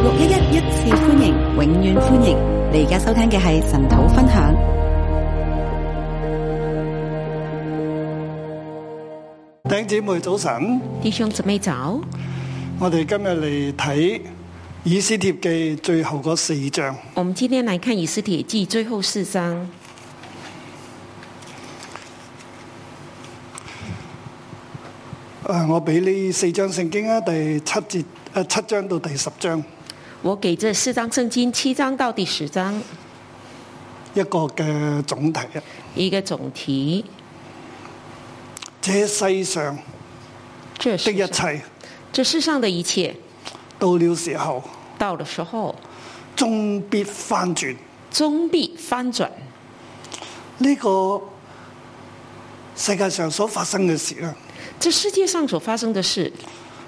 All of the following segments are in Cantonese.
六一一一次歡迎，永遠歡迎。你而家收聽嘅係神土分享。弟兄姊妹早晨，弟兄姊妹早？我哋今日嚟睇以斯帖記最後嗰四章。我們今天來看《以斯帖記》最後四章。誒，我俾你四章聖經啊，第七節誒，七章到第十章。我給這四章聖經，七章到第十章，一個嘅總體啊！一個總題。這世上，這一切，這世上的一切，到了時候，到了時候，終必翻轉，終必翻轉。呢個世界上所發生嘅事啊！這世界上所發生嘅事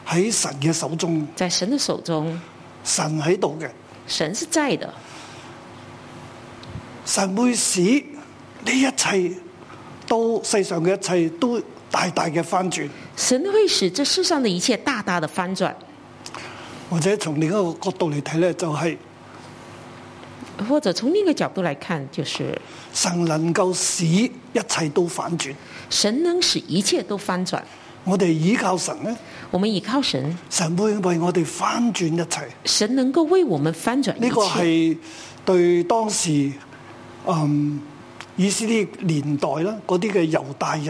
喺神嘅手中，在神的手中。神喺度嘅，神是在嘅，神會使呢一切都世上嘅一切都大大嘅翻轉。神會使這世上的一切大大的翻轉。或者從另一個角度嚟睇咧，就係或者從另一個角度來看，就是神能夠使一切都反轉，神能使一切都翻轉。我哋依靠神咧，我們依靠神，神會為我哋翻轉一切。神能夠為我們翻轉一切，呢個係對當時嗯，以色列年代啦，嗰啲嘅猶大人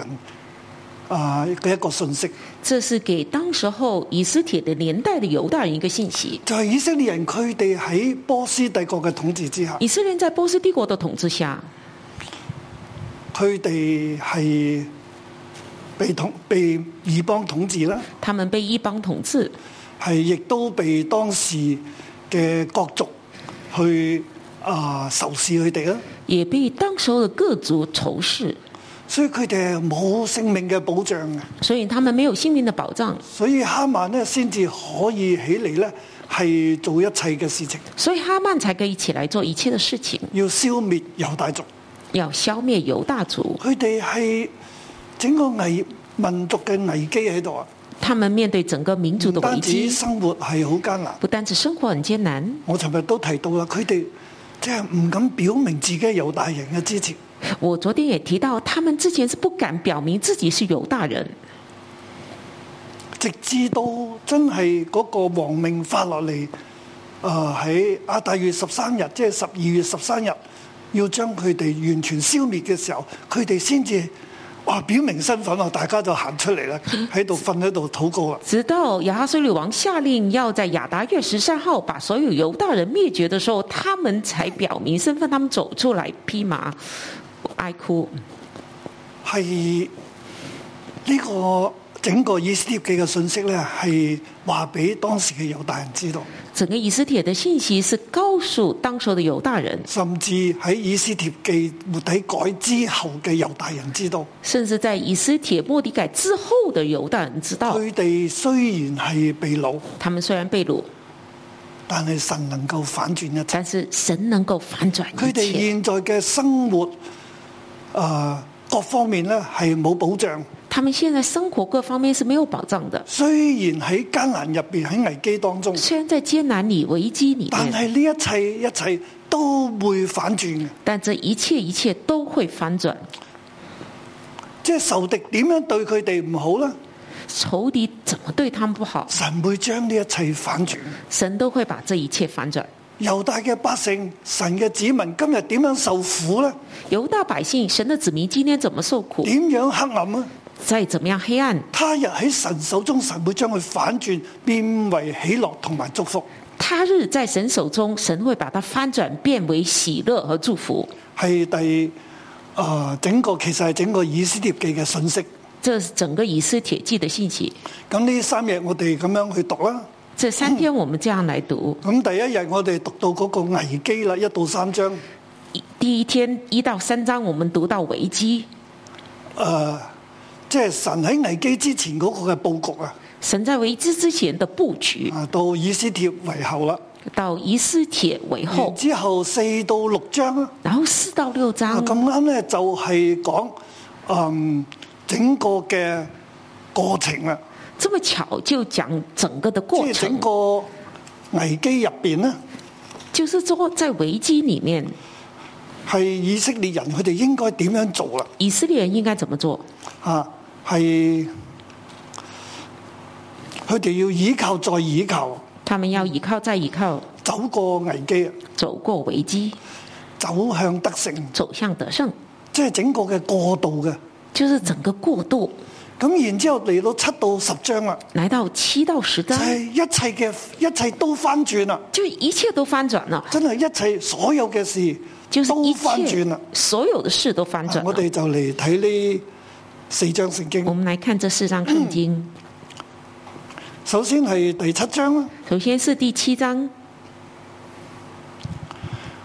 啊嘅一個信息。這是給當時候以色列的年代嘅猶大人一個信息。就係以色列人，佢哋喺波斯帝國嘅統治之下，以色列人在波斯帝國嘅統治下，佢哋係。被統被異邦統治啦，他們被異邦統治，係亦都被當時嘅各族去啊仇視佢哋咯，也被當時候嘅各族仇視，所以佢哋冇性命嘅保障嘅。所以他們沒有性命嘅保障，所以哈曼呢先至可以起嚟呢係做一切嘅事情，所以哈曼才可以起嚟做一切嘅事情，要消滅猶大族，要消滅猶大族，佢哋係整個危民族嘅危機喺度啊！他們面對整個民族的危機，生活係好艱難，不單止生活很艱難。我尋日都提到啦，佢哋即係唔敢表明自己有大人嘅支持。我昨天也提到他，提到他們之前是不敢表明自己是猶大人，直至到真係嗰個亡命發落嚟，誒喺啊大月十三日，即係十二月十三日，要將佢哋完全消滅嘅時候，佢哋先至。表明身份啊，大家就行出嚟啦，喺度瞓喺度禱告啦。直到亞哈隨魯王下令要在亞達月十三號把所有猶大人滅絕的時候，他們才表明身份，他們走出來披麻哀哭。係呢、這個。整個以斯帖記嘅信息呢，係話俾當時嘅猶大人知道。整個以斯帖嘅信息是告訴當初嘅猶大人，甚至喺以斯帖記末底改之後嘅猶大人知道。甚至在以斯帖末底改之後嘅猶大人知道。佢哋雖然係被擄，他們雖然被擄，但係神能夠反轉一切。但是神能夠反轉一切。佢哋現在嘅生活，呃，各方面呢，係冇保障。他們現在生活各方面是沒有保障的。雖然喺艱難入邊，喺危機當中，雖然在艱難裏危機裏，但係呢一切一切都會反轉嘅。但這一切一切都會反轉，即係仇敵點樣對佢哋唔好呢？仇敵怎麼對他們不好？神會將呢一切反轉。神都會把這一切反轉。猶大嘅百姓，神嘅子民，今日點樣受苦呢？猶大百姓，神的子民，今天怎麼受苦？點樣黑暗啊？再怎麼樣黑暗，他日喺神手中，神會將佢反轉，變為喜樂同埋祝福。他日在神手中，神會把它翻轉變為喜樂和祝福。係第誒、呃、整個其實係整個以斯帖記嘅信息。這是整個以斯帖記的信息。咁呢三日我哋咁樣去讀啦。這三天我們這樣來讀。咁、嗯、第一日我哋讀到嗰個危機啦，一到三章。第一天一到三章，我們讀到危機。誒、呃。即係神喺危機之前嗰個嘅布局啊！神在危機之，之前嘅布局啊，到以斯帖為后啦。到以斯帖為后之後，四到六章、啊。然後四到六章。咁啱咧就係講，嗯，整個嘅過程啦、啊。這麼巧就講整個的過程，就是、整個危機入邊呢，就是說在危機裏面，係以色列人佢哋應該點樣做啦、啊？以色列人應該怎麼做啊？係佢哋要倚靠再倚靠，他們要倚靠再倚靠，走過危機，走過危機，走向得勝，走向得勝，即係整個嘅過渡嘅，就是整個過渡。咁、就是、然之後嚟到七到十章啦，來到七到十章，一切嘅一切都翻轉啦，就是、一切都翻轉啦，真係一切所有嘅事都翻轉啦，所有的事都翻轉。我哋就嚟睇呢。四章聖經，我們來看這四章聖經。首先係第七章啦，首先是第七章，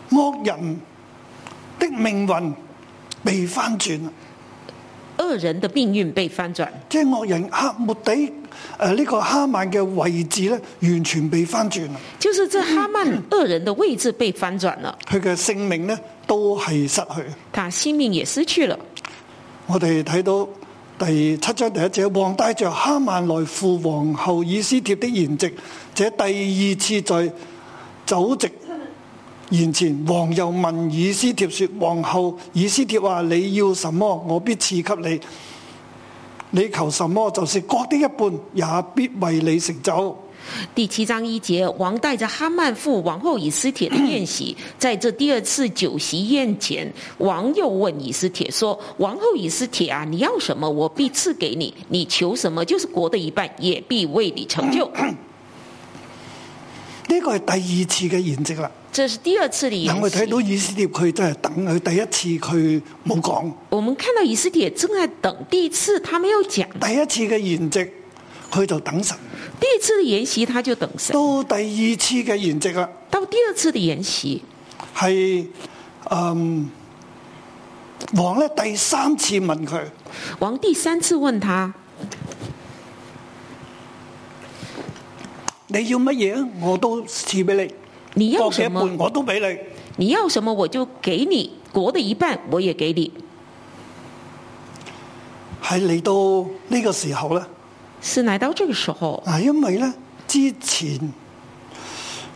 惡人的命運被翻轉，惡人的命運被翻轉，即、就、係、是、惡人黑莫底誒呢、這個哈曼嘅位置咧，完全被翻轉啦，就是這哈曼惡人的位置被翻轉啦，佢嘅性命呢都係失去，但性命也失去了。我哋睇到第七章第一節，王帶着哈曼來赴王后以斯帖的筵席。這第二次在酒席筵前，王又問以斯帖說：王后以，以斯帖話你要什麼，我必賜給你。你求什麼，就是國的一半，也必為你成就。第七章一節，王帶着哈曼赴，王后以斯帖的宴席。在這第二次酒席宴前，王又問以斯帖說：“王后以斯帖啊，你要什麼，我必賜給你；你求什麼，就是國的一半，也必為你成就。”呢個係第二次嘅筵席啦。這是第二次的演。那我睇到以斯帖，佢真係等佢第一次，佢冇講。我們看到以斯帖正在等第一次，他沒有講。第一次的筵席，佢就等神。第一次的筵席，他就等。到第二次嘅筵席啦。到第二次的筵席，席，係嗯，王呢第三次問佢，王第三次問他，你要乜嘢我都賜俾你。你要什麼我都俾你。你要什麼我就給你，國的一半我也給你。係嚟到呢個時候咧。是來到這個時候。啊，因為呢之前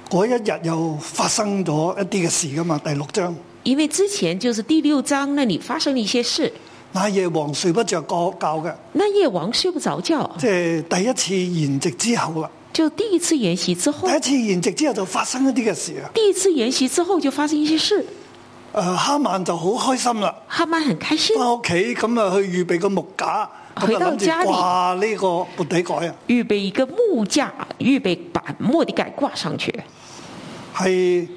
嗰一日又發生咗一啲嘅事㗎嘛，第六章。因為之前就是第六章那裡發生了一,一些事。那夜王睡不着覺嘅。那夜王睡不着覺。即、就、係、是、第一次筵席之後啦。就第一次筵席之後。第一次筵席之後就發生一啲嘅事啊。第一次筵席之後就發生一些事。誒，哈曼就好開心啦。哈曼很開心、哦。返屋企咁啊，去預備個木架。回到家裏，呢個末底改預備一個木架，預備把末底改掛上去。係，誒、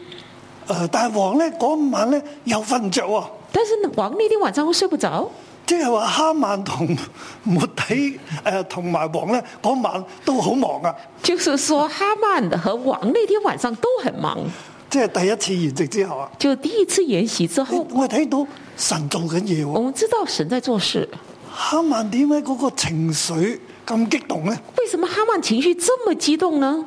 呃，但王呢嗰晚咧又瞓唔着啊。但是王那天晚上會睡不着，即係話哈曼同末底誒，同、呃、埋王咧嗰晚都好忙啊。就是說哈曼和王那天晚上都很忙。即 係第一次筵席之後、啊，就第一次筵席之後、啊會看啊，我睇到神做緊嘢。我們知道神在做事。哈曼點解嗰個情緒咁激動呢？為什麼哈曼情緒這麼激動呢？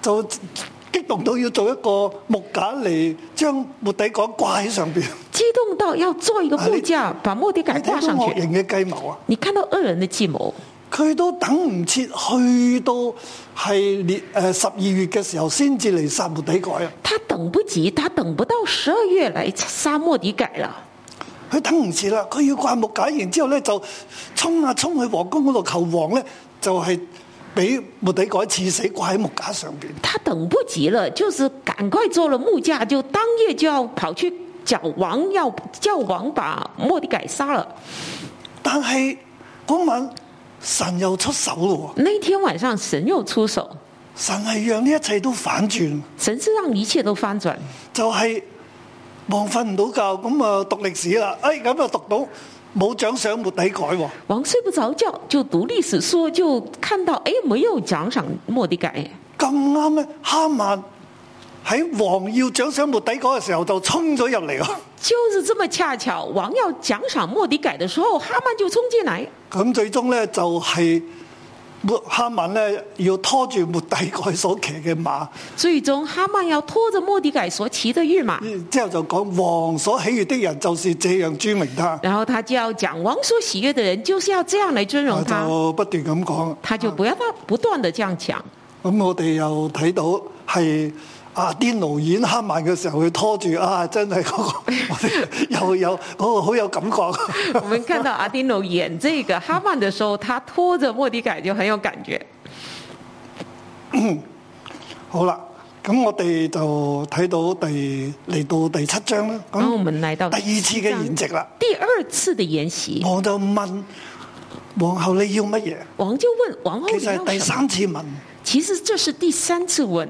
就激動到要做一個木架嚟將末底改掛喺上邊。激動到要做一個木架、啊，把末底改掛上去。惡人嘅計謀啊！你看到惡人的計謀。佢都等唔切去到係列誒十二月嘅時候先至嚟殺末底改啊！他等不及，他等不到十二月嚟殺末底改啦。佢等唔住啦，佢要掛木架，然之後咧就衝啊衝去皇宮嗰度求王咧，就係俾末底改刺死掛喺木架上面。他等不及了，就是趕快做了木架，就當夜就要跑去叫王，要叫王把末底改殺了。但係嗰晚神又出手咯。呢天晚上神又出手，神係讓呢一切都反轉。神是讓一切都翻轉，就係、是。王瞓唔到覺，咁啊讀歷史啦，哎咁啊讀到冇獎賞，末底改。王睡不着覺就讀歷史書，哎，就看到哎沒有獎賞末底改。咁啱呢，哈曼喺王要獎賞末底改嘅時候就衝咗入嚟咯。就是這麼恰巧，王要獎賞末底改的時候，哈曼就衝進來。咁最終呢就係，是。哈曼咧要拖住末底改所騎嘅馬，最終哈曼要拖着末底改所騎嘅御馬。之後就講王所喜悅的人就是這樣尊榮他。然後他就要講王所喜悅的人就是要這樣來尊榮他。我不斷咁講，他就不要他不斷的這樣講。咁、啊嗯嗯、我哋又睇到係。是。.阿丁奴演哈曼嘅時候，佢拖住啊，真係嗰、那個，又 有嗰、那個好有感覺。 我們看到阿丁奴演這個哈曼嘅時候、嗯，他拖着莫迪凱就很有感覺。嗯、好啦，咁我哋就睇到第嚟到第七章啦。咁、嗯，我們嚟到第二次嘅筵席啦。第二次嘅筵席，王就問皇后你要乜嘢？王就問皇后你要。後要第三次問，其實這是第三次問。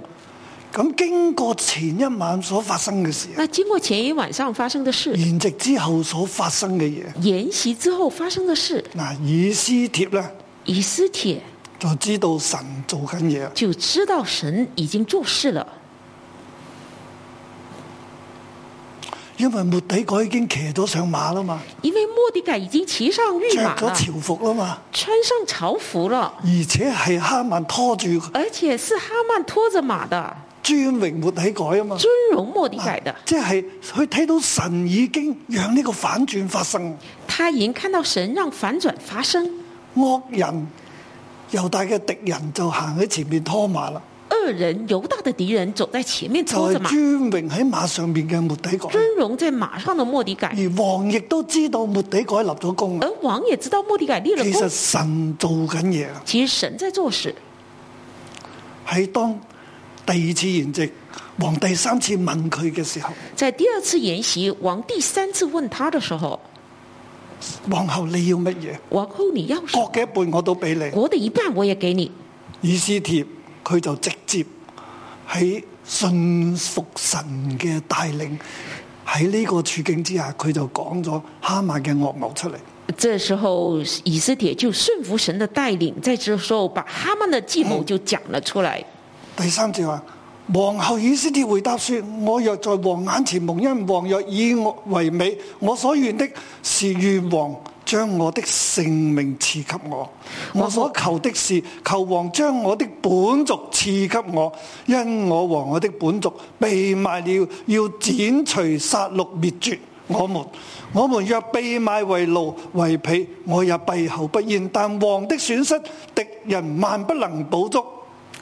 咁經過前一晚所發生嘅事，那經過前一晚上發生嘅事，筵席之後所發生嘅嘢，筵席之後發生嘅事，嗱，以斯帖咧，以斯帖就知道神做緊嘢，就知道神已經做事了，因為末底改已經騎咗上馬啦嘛，因為末底改已經騎上御馬啦，着咗朝服啦嘛，穿上朝服了，而且係哈曼拖住，而且是哈曼拖着馬的。尊榮末底改啊嘛，尊榮末底改的，啊、即係佢睇到神已經讓呢個反轉發生。他已經看到神讓反轉發生，惡人猶大嘅敵人就行喺前面拖馬啦。惡人猶大嘅敵人走在前面拖着馬，就是，尊榮喺馬上面嘅末底改，尊榮在馬上嘅末底改，而王亦都知道末底改立咗功了，而王也知道末底改立了功。其實神做緊嘢，其實神在做事，係當。第二次筵席，皇帝第三次問佢嘅時候，在第二次筵席，皇帝第三次問他的時候，王后你要乜嘢？王后你要，國嘅一半我都俾你，國的一半我也給你。以斯帖佢就直接喺信服神嘅帶領，喺呢個處境之下，佢就講咗哈曼嘅惡謀出嚟。這時候，以斯帖就順服神的帶領，在這時候把哈曼的計謀就講了出來。嗯第三節話，皇后以斯帖回答說，我若在王眼前蒙恩，王若以我為美，我所願的是願王將我的性命賜給我；我所求的是求王將我的本族賜給我，因我和我的本族被賣了，要剪除、殺戮、滅絕我們。我們若被賣為奴為婢，我也閉口不言；但王的損失，敵人萬不能補足。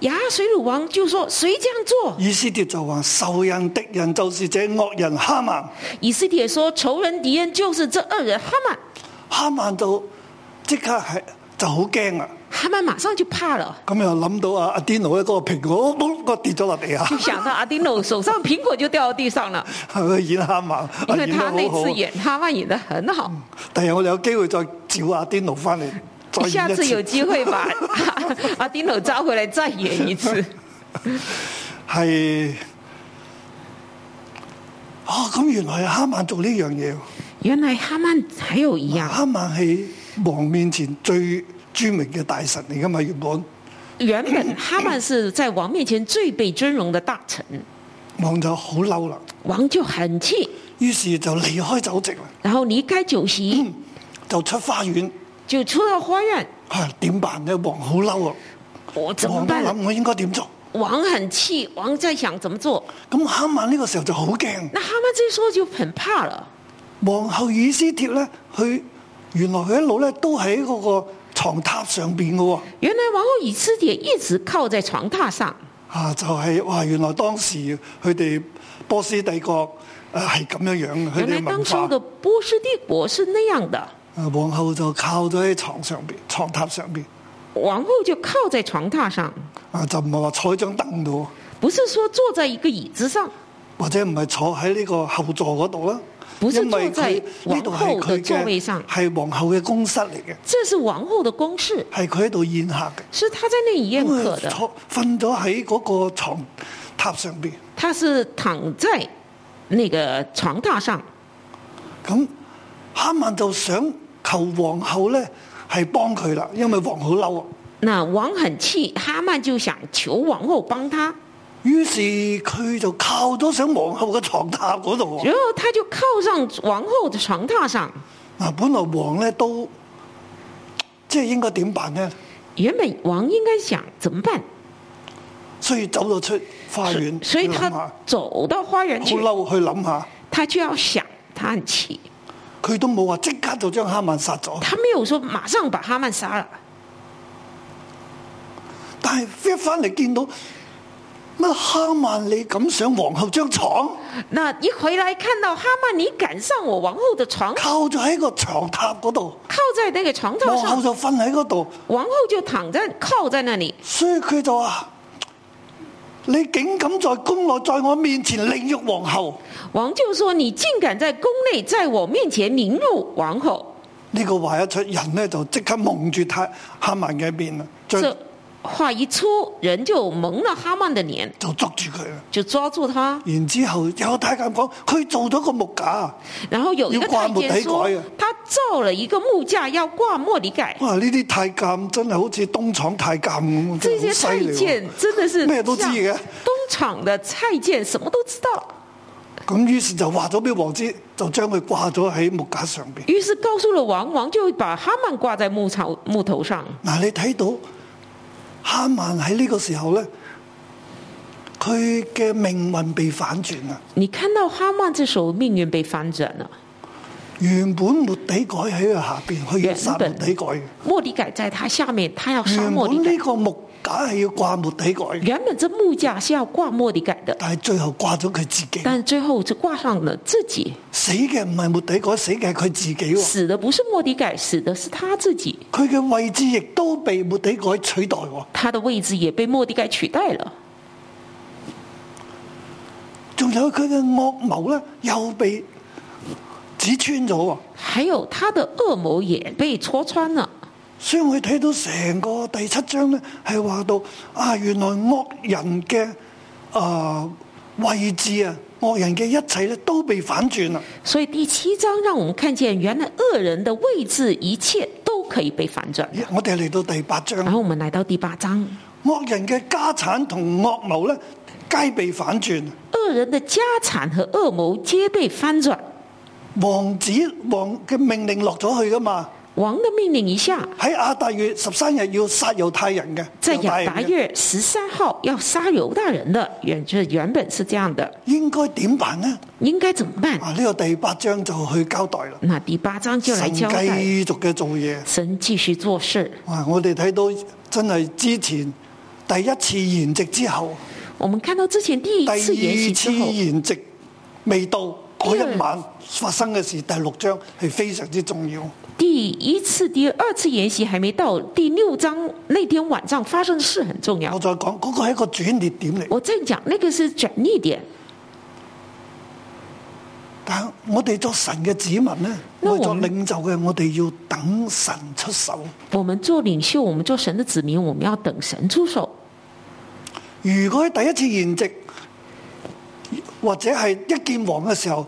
雅水魯王就說：誰這樣做？以斯帖就話：仇人敵人就是這惡人哈曼。以斯帖說：仇人敵人就是這惡人哈曼。哈曼就即刻係就好驚啊！哈曼馬上就怕了。咁又諗到啊，阿丁奴一個蘋果，我跌咗落地下。就想到阿丁奴手上蘋果就掉到地上了。係 咪演哈曼，因為他那次演哈曼演得很好。嗯、第日我哋有機會再找阿丁奴翻嚟。次下次有機會把阿、啊 啊、丁頭召回來再演一次。係 啊，咁、哦嗯、原來哈曼做呢樣嘢。原來哈曼還有一樣。哈曼係王面前最著名嘅大臣嚟噶嘛？原本原本哈曼是在王面前最被尊榮的大臣。王就好嬲啦。王就很氣，於是就離開酒席啦。然後離開酒席， 就出花園。就出到花園，吓、啊、點辦呢？王好嬲啊，我點辦？諗我應該點做？王很氣，王在想怎麼做？咁哈曼呢個時候就好驚。那哈曼之說就很怕啦。皇后以斯帖呢，佢原來佢一路呢都喺嗰個床榻上邊噶喎。原來王后以斯帖一直靠在床榻上。啊，就係、是、哇！原來當時佢哋波斯帝國係咁樣樣。原來當初的波斯帝國是那樣的。皇后就靠咗喺床上邊，床榻上邊。皇后就靠在床榻上，上，上。啊，就唔係話坐喺張凳度。不是說坐在一個椅子上，或者唔係坐喺呢個後座嗰度啦。因坐喺呢度係皇后嘅座位上，係皇后嘅宮室嚟嘅。這是皇后嘅宮室，係佢喺度宴客嘅。是他在那裏宴客的。瞓咗喺嗰個床榻上邊，他是躺在那個床榻上。咁，哈曼就想。求皇后咧，係幫佢啦，因為王好嬲啊！那王很氣，哈曼就想求皇后幫他。於是佢就靠咗上皇后嘅床榻嗰度。然後他就靠上皇后嘅床榻上。嗱，本來王咧都即係應該點辦呢？原本王應該想怎麼辦？所以走咗出花園想想，所以他走到花園去想想。嬲，去諗下。他就要想，他很氣。佢都冇話即刻就將哈曼殺咗。他沒有說馬上把哈曼殺了，但係一返嚟見到乜哈曼你敢上皇后張床？那一回來看到哈曼你敢上我皇后嘅床？靠咗喺個床榻嗰度。靠在那個床榻上。皇后就瞓喺嗰度。皇后就躺在靠在那裏。所以佢就說。你竟敢在宮內在我面前凌辱皇后！王就說：你竟敢在宮內在我面前凌辱皇后！呢、這個話一出，人呢就即刻蒙住他哈曼嘅面啦。話一出，人就蒙了哈曼的臉，就捉住佢喇，就抓住他。然之後有太監講，佢做咗個木架，然後有一個太監說，他造了一個木架要掛末底改的。哇！呢啲太監真係好似東廠太監咁，這啲太監真係咩都知嘅。東廠嘅太監什麼都知道。咁於是就話咗俾王知，就將佢掛咗喺木架上邊。於是告訴了王王，就會把哈曼掛在木草木頭上。嗱，你睇到。哈曼喺呢個時候呢，佢嘅命運被反轉了，你看到哈曼這首命運被反轉了，原本末底改喺佢下面。在他下面，他要殺末底改梗係要掛末底改，原本這木架是要掛末底改嘅，但係最後掛咗佢自己。但最後就掛上了自己。死嘅唔係末底改，死嘅係佢自己。死嘅唔係末底改，死嘅係他自己。佢嘅位置亦都被末底改取代。他嘅位置也被末底改取代了。仲有佢嘅惡謀咧，又被指穿咗。還有他嘅惡謀也被戳穿了。所以我睇到成個第七章咧，係話到啊，原來惡人嘅啊、呃、位置啊，惡人嘅一切咧都被反轉啦。所以第七章讓我們看見原來惡人的位置，一切都可以被反轉。我哋嚟到第八章，好，我們來到第八章，惡人嘅家產同惡謀咧，皆被反轉。惡人的家產和惡謀皆被反轉。王子王嘅命令落咗去噶嘛？王的命令一下，喺亞達月十三日要殺猶太人嘅。在亞達月十三號要殺猶大人嘅。原，這原本是這樣的。應該點辦呢？應該怎麼辦呢？呢、啊這個第八章就去交代啦。那第八章就嚟交代。繼續嘅做嘢，神繼續做事。哇、啊！我哋睇到真係之前第一次筵席之後，我們看到之前第一次筵席之後，第二次筵席未到嗰一晚發生嘅事第，第六章係非常之重要。第一次、第二次筵席還沒到，第六章那天晚上發生的事很重要。我再講，嗰個係一個轉捩點嚟。我再講，那個是轉捩點。但我哋做神嘅子民咧，我做領袖嘅，我哋要等神出手。我們做領袖，我們做神的子民，我們要等神出手。如果第一次筵席或者係一見王嘅時候，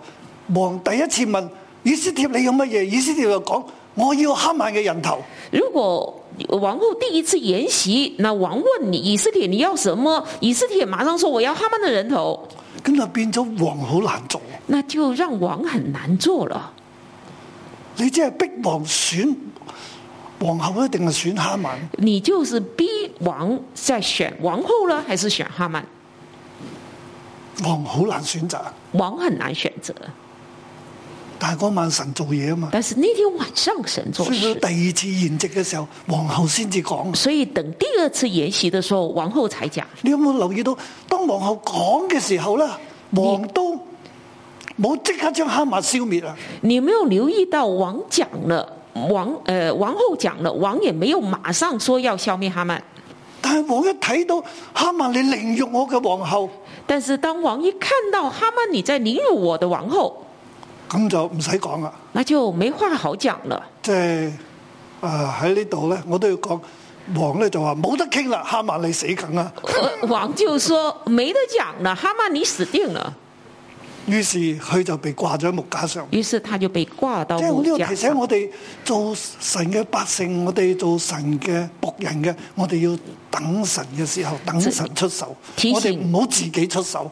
王第一次問以斯帖你有乜嘢，以斯帖就講。我要哈曼嘅人頭。如果王后第一次宴席，那王問你，以斯帖你要什麼？以斯帖馬上說，我要哈曼嘅人頭。咁就變咗王好難做。那就讓王很難做了。你即係逼王選，皇后一定係選哈曼。你就是逼王再選王后啦，還是選哈曼？王好難選擇。王很難選擇。但係嗰晚神做嘢啊嘛，但是那天晚上神做。直到第二次筵席嘅時候，皇后先至講。所以等第二次筵席嘅時候，皇后才講。你有冇留意到，當皇后講嘅時候咧，王都冇即刻將哈曼消滅啊？你沒有留意到王講了，王誒、皇、呃、皇后講了，王也沒有馬上說要消滅哈曼。但係王一睇到哈曼，你凌辱我嘅皇后，但是當王一看到哈曼，你在凌辱我的王后。咁就唔使講啦。那就沒話好講了。即、就、係、是，誒喺呢度呢，我都要講，王呢就話冇得傾啦，哈曼你死梗啦。王就說沒得講啦，哈曼你死定了。於、呃、是佢就被掛咗喺木架上。於是他就被掛到。即、就、係、是、我都要提醒我哋做神嘅百姓，我哋做神嘅僕人嘅，我哋要等神嘅時候，等神出手，提我哋唔好自己出手。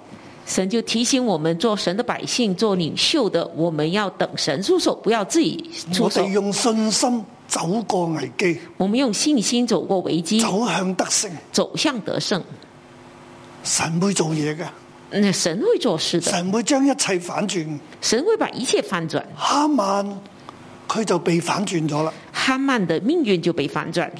神就提醒我們做神的百姓、做領袖的，我們要等神出手，不要自己出手。我哋用信心走過危機。我們用信心走過危機。走向得勝，走向得勝。神會做嘢嘅，那神會做事的，神會將一切反轉。神會把一切反轉。哈曼佢就被反轉咗啦，哈曼的命運就被反轉，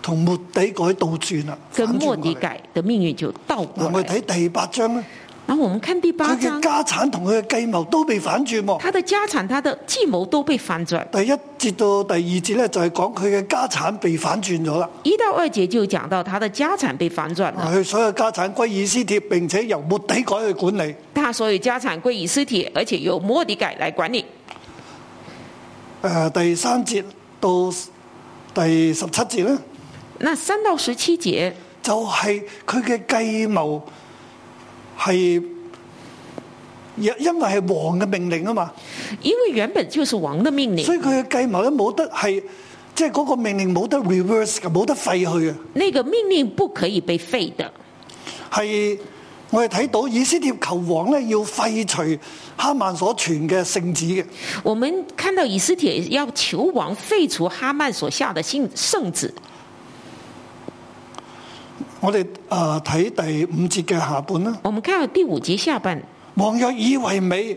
同末底改倒轉啦，跟末底改的命運就倒。我哋睇第八章啦。那我們看第八章，佢嘅家產同佢嘅計謀都被反轉他的家產，他的計謀都被反轉。第一節到第二節呢，就係講佢嘅家產被反轉咗啦。一到二節就講到他的家產被反轉啦。佢所有家產歸以斯帖，並且由末底改去管理。他所有家產歸以斯帖，而且由末底改來管理。誒、呃，第三節到第十七節咧？那三到十七節就係佢嘅計謀。係，因為係王嘅命令啊嘛。因為原本就是王嘅命令，所以佢嘅計謀都冇得係，即係嗰個命令冇得 reverse 嘅，冇得廢去啊。呢個命令不可以被廢嘅，係我哋睇，到以斯帖求王咧，要廢除哈曼所傳嘅聖旨嘅。我們看到以斯帖要求王廢除哈曼所下嘅聖聖旨。我哋誒睇第五節嘅下半啦。我們看到第五節下半，王若以為美。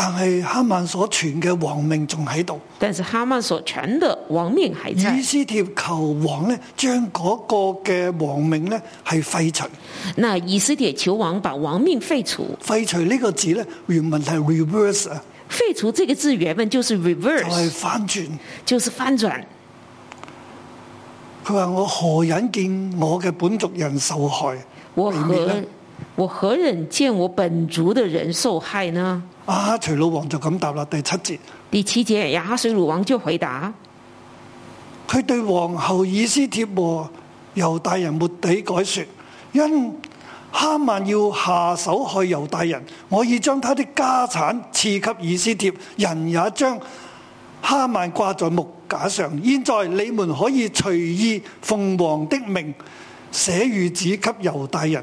但係哈曼所傳嘅王命仲喺度，但是哈曼所傳嘅王命還在。以斯帖求王咧，將嗰個嘅王命咧係廢除。那以斯帖求王把王命廢除，廢除呢個字呢，原文係 reverse 啊，廢除這個字原文就是 reverse，就係翻轉，就是翻轉。佢話我何忍見我嘅本族人受害？我何我何忍見我本族嘅人受害呢？阿、啊、隨魯王就咁答啦，第七節。第七節，亞哈隨魯王就回答：佢對皇后以斯帖和猶大人末底改說：「因哈曼要下手害猶大人，我已將他的家產賜給以斯帖，人也將哈曼掛在木架上，現在你們可以隨意奉王的命寫御旨給猶大人。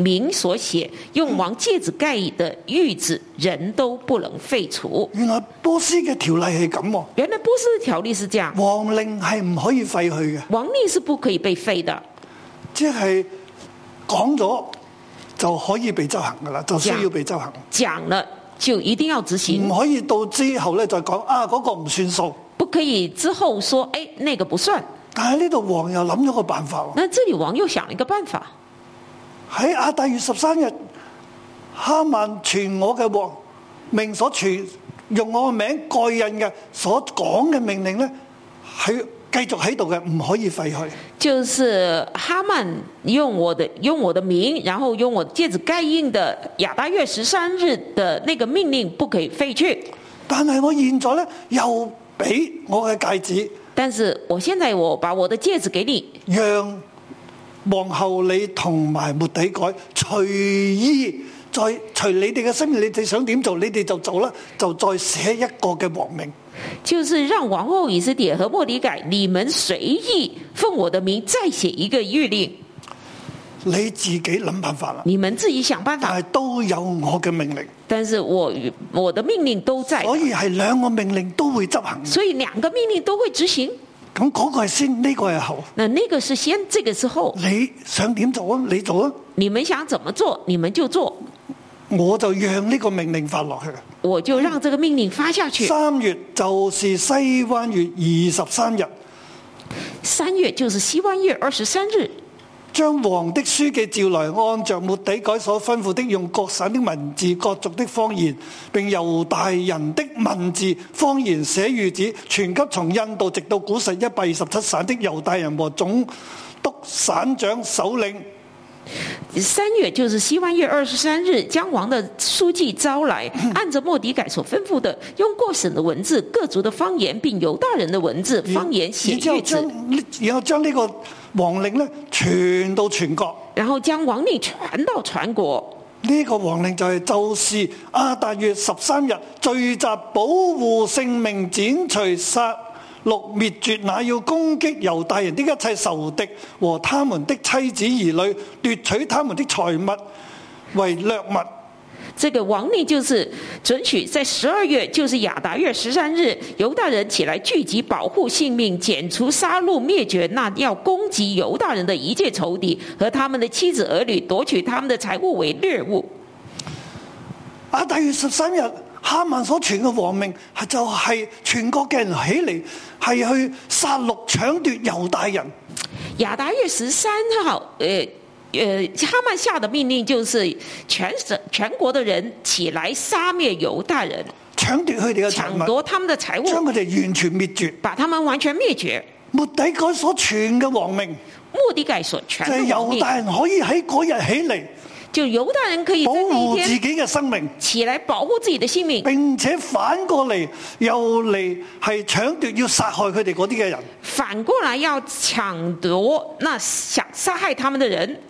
明所寫用王戒指蓋的諭旨，嗯，人都不能廢除。原來波斯嘅條例係咁。原來波斯條例是這樣。王令係唔可以廢去嘅。王令是不可以被廢的。即係講咗就可以被執行噶啦，就需要被執行。講了就一定要執行，唔可以到之後咧再講啊嗰，那個唔算數。不可以之後說誒，哎，那個不算。但係呢度王又諗咗個辦法。那這裏王又想了一個辦法。喺亞大月十三日，哈曼傳我嘅王命所傳用我嘅名蓋印嘅所講嘅命令咧，係繼續喺度嘅，唔可以廢去。就是哈曼用我的用我的名，然後用我的戒指蓋印的亞大月十三日的那個命令不可以廢去。但係我現在咧又俾我嘅戒指。但是，我現在我把我的戒指給你。讓王后你同埋末底改隨意再隨你哋嘅心意，你哋想點做，你哋就做啦，就再寫一個嘅王命，就是讓王后以斯帖和末底改，你們隨意奉我的名再寫一個御令，你自己諗辦法啦，你們自己想辦法，但是都有我嘅命令，但是我，我的命令都在，所以係兩個命令都會執行，所以兩個命令都會執行。咁嗰個係先，呢個係後，嗱呢個是先，這個之後。你想點做啊？你做啊！你們想怎麼做，你們就做。我就讓呢個命令發落去嘅。我就讓這個命令發下去。三月就是西灣月二十三日。三月就是西灣月二十三日。將王的書記召來，按末地，來 按照末底改所吩咐的，用各省的文字、各族的方言，並猶大人的文字、方言寫語子，傳給從印度直到古實一百二十七省的猶大人和總督、省長、首領。三月就是西彎月二十三日，將王的書記召來，按照末底改所吩咐的，用各省的文字、各族的方言，並猶大人的文字、方言寫句子。然後將，然後將呢個王令呢傳到全國。然後將王令傳到全國。呢、這個王令就係就是亞達月十三日聚集保護性命，剪除殺戮滅絕那要攻擊猶大人的一切仇敵和他們的妻子兒女，奪取他們的財物為掠物。這個王令就是准許在十二月，就是亞達月十三日，猶大人起來聚集，保護性命，剪除殺戮滅絕，那要攻擊猶大人的一切仇敵，和他們的妻子兒女，奪取他們的財物為掠物。亞、啊、達月十三日，哈曼所傳嘅王命就係、是、全國嘅人起嚟係去殺戮搶奪猶大人。亞達月十三號，誒、呃。誒、呃，他們下的命令就是全省全國的人起來殺滅猶大人，搶奪佢哋嘅財物，搶奪他們的財物，將佢哋完全滅絕，把他們完全滅絕，目的嗰所傳嘅王命，目的係什？就係、是、猶大人可以喺嗰日起嚟，就猶大人可以保護自己嘅生命，起來保護自己嘅性命，並且反過嚟又嚟係搶奪要殺害佢哋嗰啲嘅人，反過來要搶奪那想殺害他們嘅人。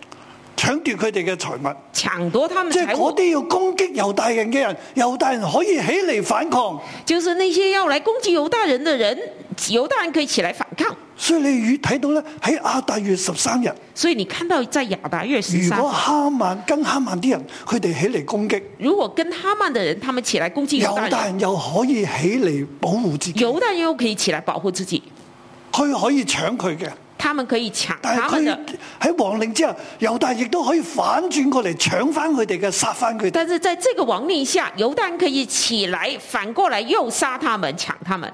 搶奪佢哋嘅財物，搶奪他們。即係嗰啲要攻擊猶大人嘅人，猶大人可以起嚟反抗。就是那些要嚟攻擊猶大人嘅人，猶大人可以起嚟反抗。所以你越睇到咧，喺亞達月十三日。所以你看到在亞達月十三。如果哈曼跟哈曼啲人，佢哋起嚟攻擊。如果跟哈曼的人，他們起嚟攻擊猶大人，猶大人又可以起嚟保護自己。猶大人又可以起嚟保護自己。佢可，可以搶佢嘅。他們可以搶他們的，但係喺王令之下，猶大亦都可以反轉過嚟，搶翻佢哋嘅，殺翻佢哋。但是在這個王令下，猶大可以起來，反過來又殺他們，搶他們。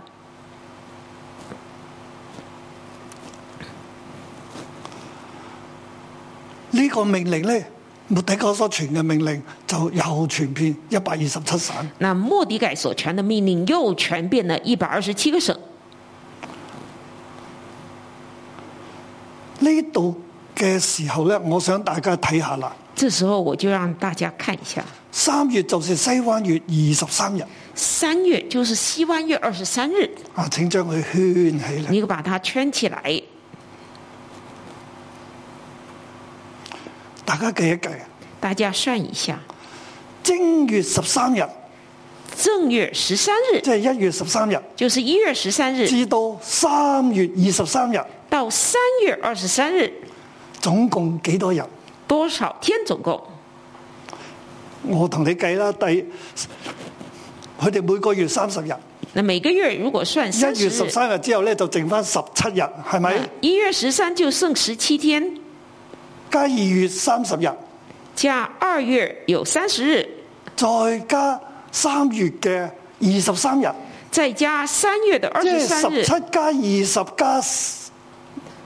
呢、這個命令呢，莫迪哥所傳嘅命令就又傳遍一百二十七省。那莫迪蓋所傳嘅命令又傳遍了一百二十七個省。呢度嘅時候咧，我想大家睇下啦。這時候我就讓大家看一下。三月就是西灣月二十三日。三月就是西灣月二十三日。啊，請將佢圈起嚟。你把它圈起來。大家計一計。大家算一下，正月十三日，正月十三日，即係一月十三日，就是一月十三日，至到三月二十三日。嗯到三月二十三日，總共幾多日？多少天總共？我同你計啦，第佢哋每個月三十日。嗱，每個月如果算一月十三日之後咧，就剩翻十七日，係咪？一月十三就剩十七天，加二月三十日，加二月有三十日，再加三月嘅二十三日，再加三月嘅二十三日，十七、就係、加二十加。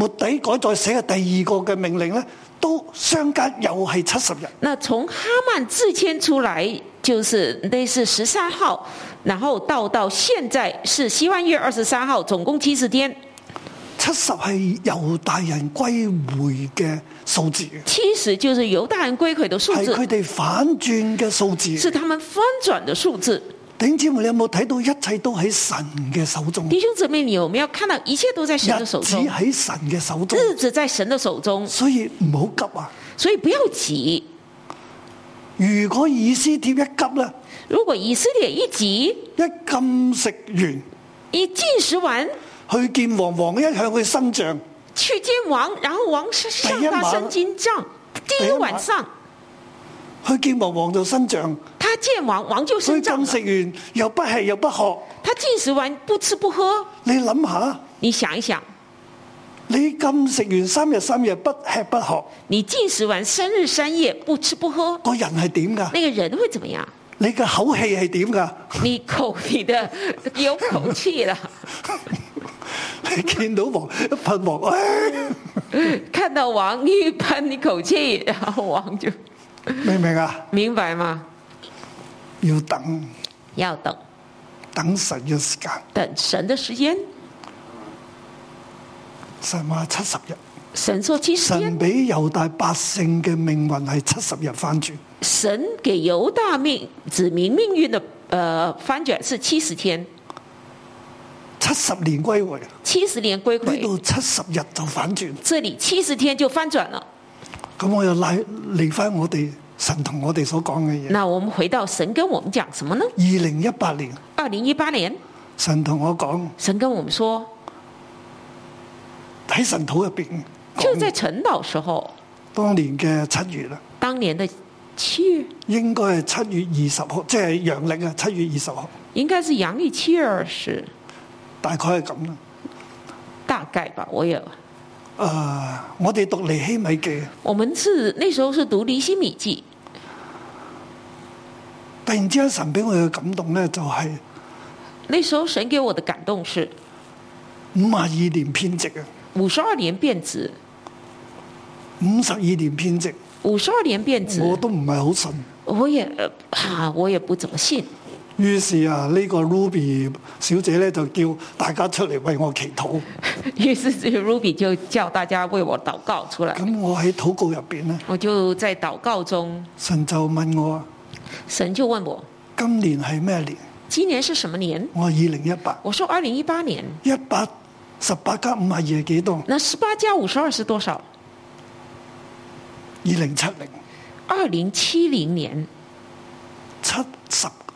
末底改再寫嘅第二個嘅命令咧，都相隔又係七十日。那從哈曼自簽出來，就是類似十三號，然後到到現在是西彎月二十三號，總共七十天。七十係猶大人歸回嘅數字，七十就是猶大人歸回嘅數字，係佢哋反轉嘅數字，是他們翻轉的數字。弟兄姊妹，你有冇睇到一切都喺神嘅手中？弟兄姊妹，你有沒有看到一切都在神嘅手中。只喺神嘅手中，日子在神嘅手中。所以唔好急啊！所以不要急啊。如果以斯帖一急咧，如果以斯帖一急，一禁食完，一禁食完，去見王，王一向佢伸杖，去見王，然後王向他伸大金杖，第一晚上。去見王，王就生像。他見王，王就生像。佢禁食完又不吃又不喝，他禁食完不吃不喝。你諗下，你想一想，你禁食完三日三夜不吃不喝，你禁食完三日三夜不吃不喝，個人係點噶？那個人會怎麼樣？你嘅口氣係點噶？ 你口你的有口氣啦。 你見到王一噴王，啊，哎 看到王一噴你口氣，然後王就。明唔明啊？明白嗎？要等，要等，等神嘅時間，等神嘅時間。神話七十日，神說七十天。神俾猶大百姓嘅命運係七十日翻轉。神給猶大命指明命運嘅誒翻轉是七十天，七十年歸回，七十年歸回到七十日就翻轉。這裏七十天就翻轉了。咁我又嚟嚟翻我哋神同我哋所講嘅嘢。嗱，我們回到神跟我們講什麼呢？二零一八年。二零一八年，神同我講。神跟我們說，喺神土入邊。就在陳島時候。當年嘅七月啦。當年的七月。應該係七月二十號，即係陽曆啊，七月二十號。應該是陽曆七月二十，大概係咁啦。大概吧，我有。啊、uh，我哋讀《尼希米記》，我們是那時候是讀《尼希米記》，突然之間神俾我嘅感動咧，就係、是、那時候神給我嘅感動是五十二年貶值啊！五十二年貶值，五十二年貶值，五十二年貶值，我都唔係好信，我也、啊、我也不怎麼信。於是啊，呢、這個 Ruby 小姐咧就叫大家出嚟為我祈禱。於是、這個、Ruby 就叫大家為我禱告出嚟。咁我喺禱告入邊呢，我就在禱告中，神就問我，神就問我，今年係咩年？今年是什麼年？我係二零一八。我說二零一八年。一八十八加五十二係幾多？那十八加五十二是多少？二零七零。二零七零年，七十。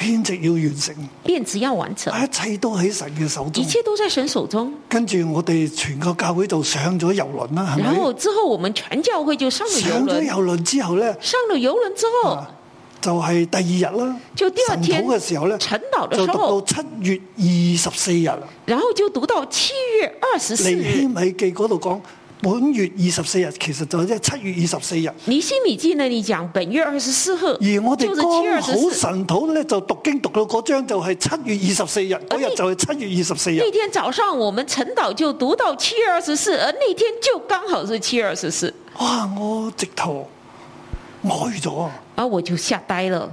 編制要完成，編制要完成，一切都喺神嘅手中，一切都在神手中。跟住我哋全個教會就上咗遊輪啦，係然後之後我們全教會就上咗遊輪。上咗遊輪之後咧，上了遊輪之後，之後啊、就係、是、第二日啦。就第二天嘅時候咧，沉島嘅時候，就到七月二十四日。然後就讀到七月二十四日。李謙偉度講。本月二十四日，其實就係即係七月二十四日。你心裡記呢？你講本月二十四號，而我哋剛好神徒咧就讀經讀到嗰張就係七月二十四日，嗰日就係七月二十四日。那天早上，我們陳導就讀到七月二十四，而那天就剛好是七月二十四。哇！我直頭呆咗，而我就嚇呆了。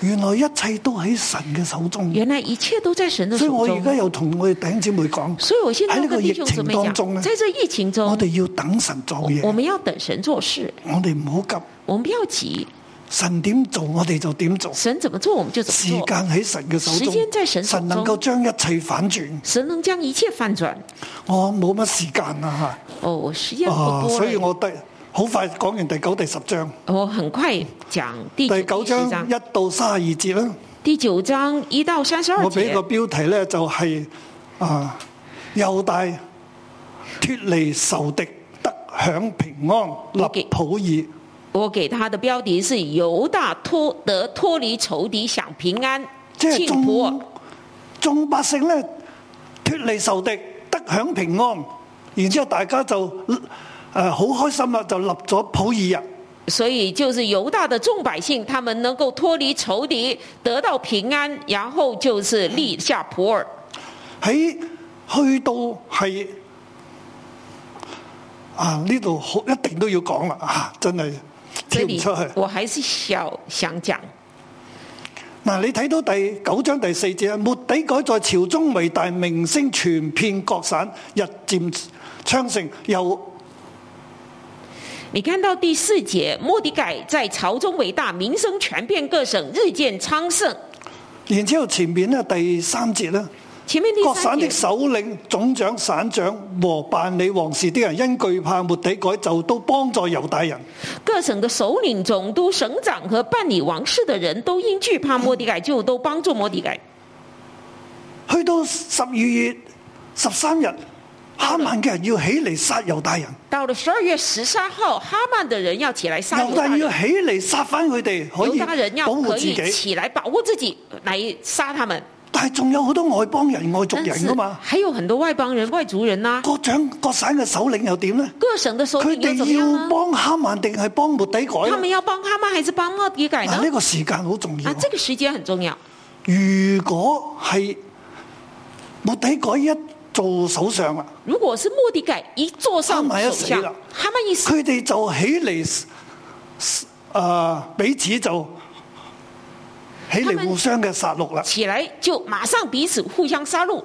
原來一切都喺神嘅手中。原來一切都在神嘅手中。所以我而家又同我哋頂姐妹講。所以我現在喺呢個疫情當中咧。在這疫情中，我哋要等神做嘢。我們要等神做事。我哋唔好急，我們不要急。神點做，我哋就點做。神怎麼做，我們就做。時間喺神嘅手中，時間在神手中，神能夠將一切反轉。神能將一切反轉。我冇乜時間啊吓。哦，時間多、哦，所以我得。好快講完第九、第十章。我很快講第九章一到三十二節啦。第九章一到三十二。我俾個標題咧，就是，就係啊，猶大脫離仇敵，得享平安立普珥我。我給他的標題是猶大脫得脫離仇敵，享平安。即係眾眾百姓咧，脫離仇敵，得享平安。然之後大家就。誒、呃，好開心啦！就立咗普爾，所以就是猶大的眾百姓，他們能夠脱離仇敵，得到平安，然後就是立下普爾。喺去到係啊呢度，好一定都要講啦！啊，真係跳唔出去。我還是小想想講。嗱、呃，你睇到第九章第四節，末底改在朝中為大，名聲全遍各省，日漸昌盛，又。你看到第四節，末底改在朝中偉大，名聲傳遍各省，日漸昌盛。然之後前面呢第三節呢？前面各省的首領、總長、省長和辦理王事的人，因懼怕末底改，就都幫助猶大人。各省的首領、總督、省長和辦理王事的人都因懼怕末底改，就都幫助末底改。去到十二月十三日。哈曼嘅人要起嚟殺猶大人。到了十二月十三號，哈曼嘅人要起來殺猶大人。猶大人要起嚟殺返佢哋，可以殺人，要保護自己。起來保護自己，嚟殺他們。但係仲有好多外邦人、外族人㗎嘛？還有很多外邦人、外族人啦。各省各省嘅首領又點呢？各省嘅首領，佢哋要幫哈曼定係幫末底改？他們要幫哈曼還是幫末底改呢？啊，呢個時間好重要。啊，這個時間很重要。如果係末底改一。到手上啊！如果是摩的改一坐上意思？佢哋就起嚟，呃，彼此錢就起嚟互相嘅殺戮啦！起嚟就馬上彼此互相殺戮，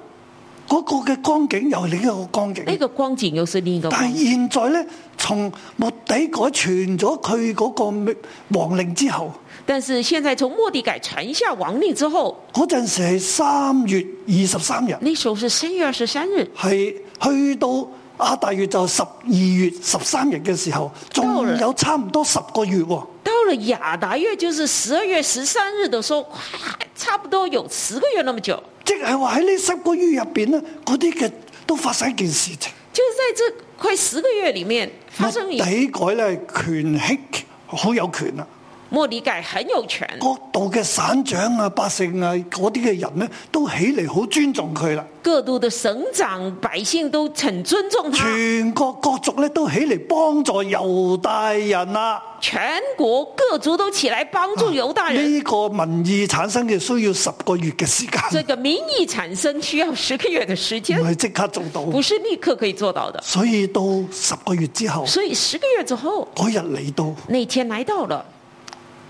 嗰，那個嘅光景又另一個光景。呢個光景然有呢個，但係現在咧，從目底改傳咗佢嗰個皇陵之後。但是，現在從末底改傳下王令之後，嗰陣時係三月二十三日。那時候是三月二十三日，係去到阿大約就十二月，就十二月十三日嘅時候，仲有差唔多十個月喎。到了廿大月，就是十二月十三日的時候，還有差唔多、哦、多有十個月那麼久。即係話喺呢十個月入邊就呢嗰啲嘅都發生一件事情。就係喺月係喺呢十個月入面發生一件呢咧，末底改很有權，各度嘅省長啊、百姓啊，嗰啲嘅人呢，都起嚟好尊重佢啦。各度嘅省長百姓都曾尊重他。全國各族咧都起嚟幫助猶大人啦。全國各族都起嚟幫助猶大人。呢個民意產生嘅需要十個月嘅時間、啊。這個民意產生需要十個月嘅時間，唔係即刻做到，不是立刻可以做到的。所以到十個月之後，所以十個月之後嗰日嚟到，那天來到了。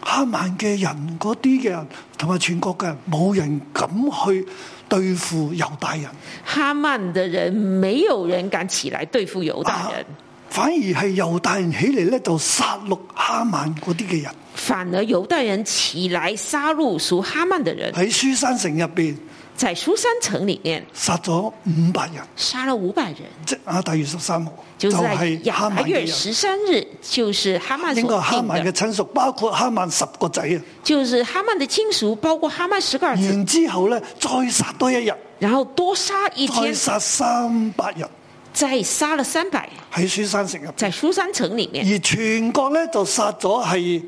哈曼嘅人，嗰啲嘅人，同埋全國嘅人，冇人敢去對付猶大人。哈曼嘅人，沒有人敢起嚟對付猶大人，反而係猶大人起嚟咧，就殺戮哈曼嗰啲嘅人。反而猶大人起嚟殺戮屬哈曼嘅人。喺書山城入邊。在蘇山城裏面殺咗五百人，殺了五百人，即啊，第二十三日，就係、是、哈月十三日，就是哈曼。應該哈曼嘅親屬包括哈曼十個仔啊，就是哈曼的親屬包括哈曼十個兒子。然之後咧，再殺多一日，然後多殺一天，再殺三百人，再殺了三百人。喺蘇山城啊，在蘇山城裏面，而全國咧就殺咗係。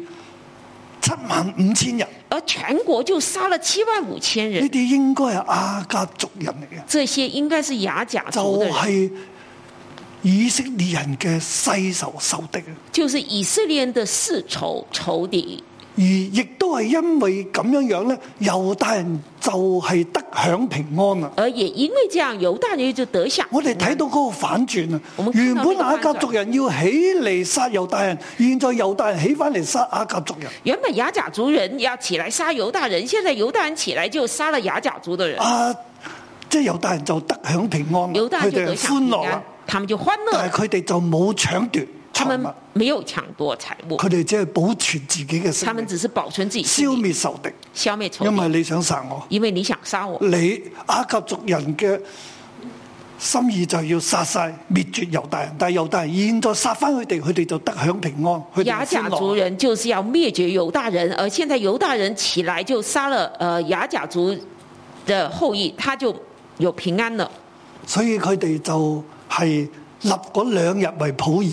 七萬五千人，而全國就殺了七萬五千人。呢啲應該係亞加族人嚟嘅。這些應該是亞甲族的人。就係以色列人嘅世仇仇敵。就是以色列人的世仇仇敵。而亦都係因為咁樣樣咧，猶大人就係得享平安啦。而也因為這樣，猶大人就得享。我哋睇到嗰個反轉啊！原本亞甲族人要起嚟殺猶大人，現在猶大人起翻嚟殺亞甲族人。原本亞甲族人要起嚟殺猶大人，現在猶大人起嚟就殺了亞甲族的人。啊！即係猶大人就得享平安，猶大人歡樂。他們就歡樂，但係佢哋就冇搶奪。他們沒有搶奪財物，佢哋只係保存自己嘅生命。他們只是保存自己，消滅仇敵，消滅仇。因為你想殺我，因為你想殺我，你亞甲族人嘅心意就是要殺晒滅絕猶大人，但猶大人現在殺翻佢哋，佢哋就得享平安他們。雅甲族人就是要滅絕猶大人，而現在猶大人起來就殺了，呃，亞甲族嘅後裔，他就有平安了。所以佢哋就係、是。立嗰兩日為普爾，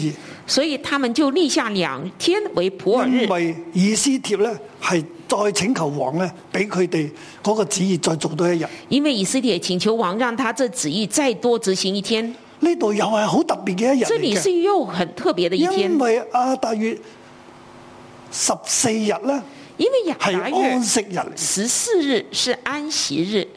所以他們就立下兩天為普爾日。因為以斯帖咧，係再請求王呢俾佢哋嗰個旨意再做多一日。因為以斯帖請求王，讓他這旨意再多執行一天。呢度又係好特別嘅一日嚟嘅。這裏是又很特別嘅一天。因為啊，大約十四日咧，因為係安息日。十四日是安息日。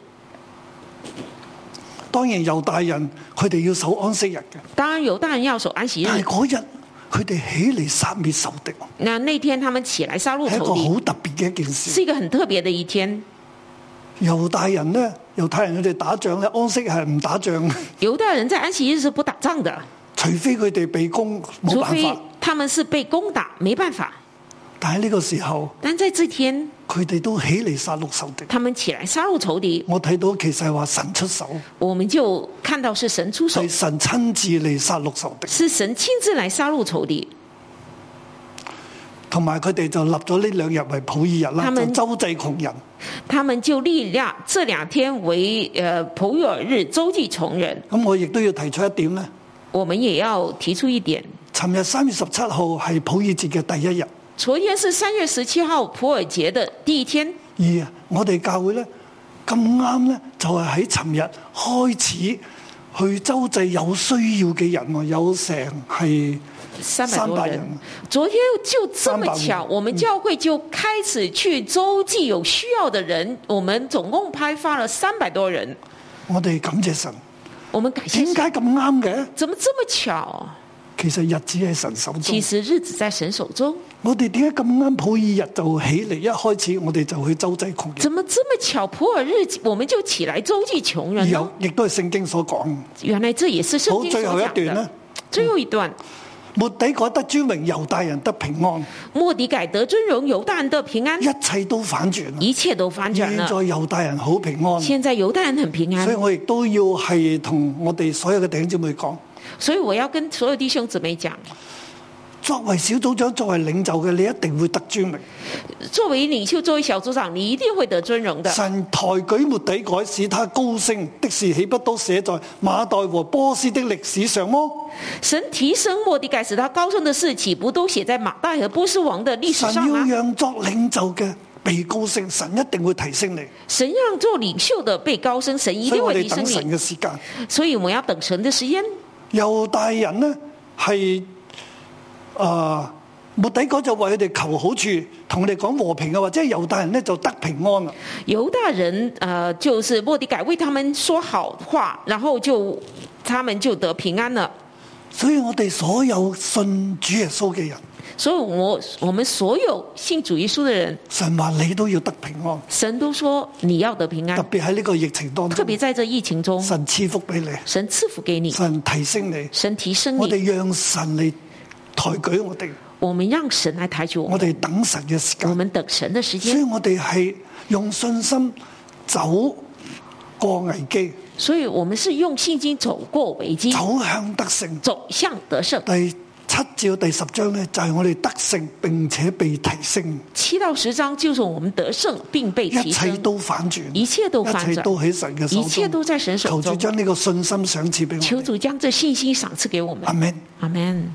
當然猶大人佢哋要守安息日嘅。當然猶大人要守安息日。但係嗰日佢哋起嚟殺滅仇敵。嗱，那天他們起來殺戮仇敵。係一個好特別嘅一件事。是一個很特別嘅一天。猶大人呢？猶大人佢哋打仗呢？安息係唔打仗嘅。猶大人在安息日是不打仗的，除非佢哋被攻，冇辦法。除非他們是被攻打，沒辦法。但喺呢個時候，但在這天，佢哋都起嚟殺戮仇敵。他們起嚟殺戮仇敵。我睇到其實係話神出手，我們就看到是神出手。係神親自嚟殺戮仇敵。是神親自嚟殺戮仇敵。同埋佢哋就立咗呢兩日為普爾日啦，他們就周濟窮人。他們就立兩這兩天為普爾日，周濟窮人。咁我亦都要提出一點呢，我們也要提出一點。尋日三月十七號係普爾節嘅第一日。昨天是三月十七號普爾節的第一天，而我哋教會咧咁啱咧，就係喺尋日開始去周濟有需要嘅人，有成係三百人。昨天就這麼巧，我們教會就開始去周濟有需要的人，我們總共派發了三百多人。我哋感謝神，我們點解咁啱嘅？怎麼這麼巧？其實日子係神手中，其實日子在神手中。我哋點解咁啱普爾日就起嚟？一開始我哋就去周濟窮人。怎麼這麼巧普爾日我們就起來周濟窮人，啊？有，亦都係聖經所講。原來這也是聖經所講。好，最後一段啦。最後一段，末、嗯、底改得尊榮，猶大人得平安。末底改得尊榮，猶大人得平安。一切都反轉，一切都反轉了。現在猶大人好平安。現在猶大人很平安。所以我亦都要係同我哋所有嘅弟兄姐妹講。所以我要跟所有弟兄姊妹講。作為小組長，作為領袖嘅你一定會得尊榮。作為領袖，作為小組長，你一定會得尊榮的。神抬舉末底改，使他，的的哦、使他高升的事，豈不都寫在馬代和波斯的歷史上麼？神提升末底改，使他高升的事，豈不都寫在馬代和波斯王的歷史上嗎、啊？神要讓作領袖嘅被高升，神一定會提升你。神讓做領袖的被高升，神一定會提升你。所以我要等神嘅時間。所以我們要等神的時間。猶大人呢？係。啊！末底改就為佢哋求好處，同佢哋講和平啊，或者猶大人咧就得平安啊，猶大人，啊，就是末底改為他們說好話，然後就他們就得平安了。所以我哋所有信主耶穌嘅人，所以我我們所有信主耶穌嘅人，神話你都要得平安。神都說你要得平安，特別喺呢個疫情當中，特別在這疫情中，神賜福俾你，神賜福給你，神提升你，神提升你，我哋讓神嚟。抬舉我哋，我們讓神來抬舉我我哋。等神嘅時間，我們等神嘅時間。所以我哋係用信心走過危機。所以我們是用信心走過危機，走向得勝，走向得勝。第七至第十章呢，就係我哋得勝並且被提升。七到十章就是我們得勝並被提升。一切都反轉，一切都反轉，一切都在神手中。手中，求主將呢個信心賞賜俾我，求主將這信心賞賜給我們。阿門，阿門。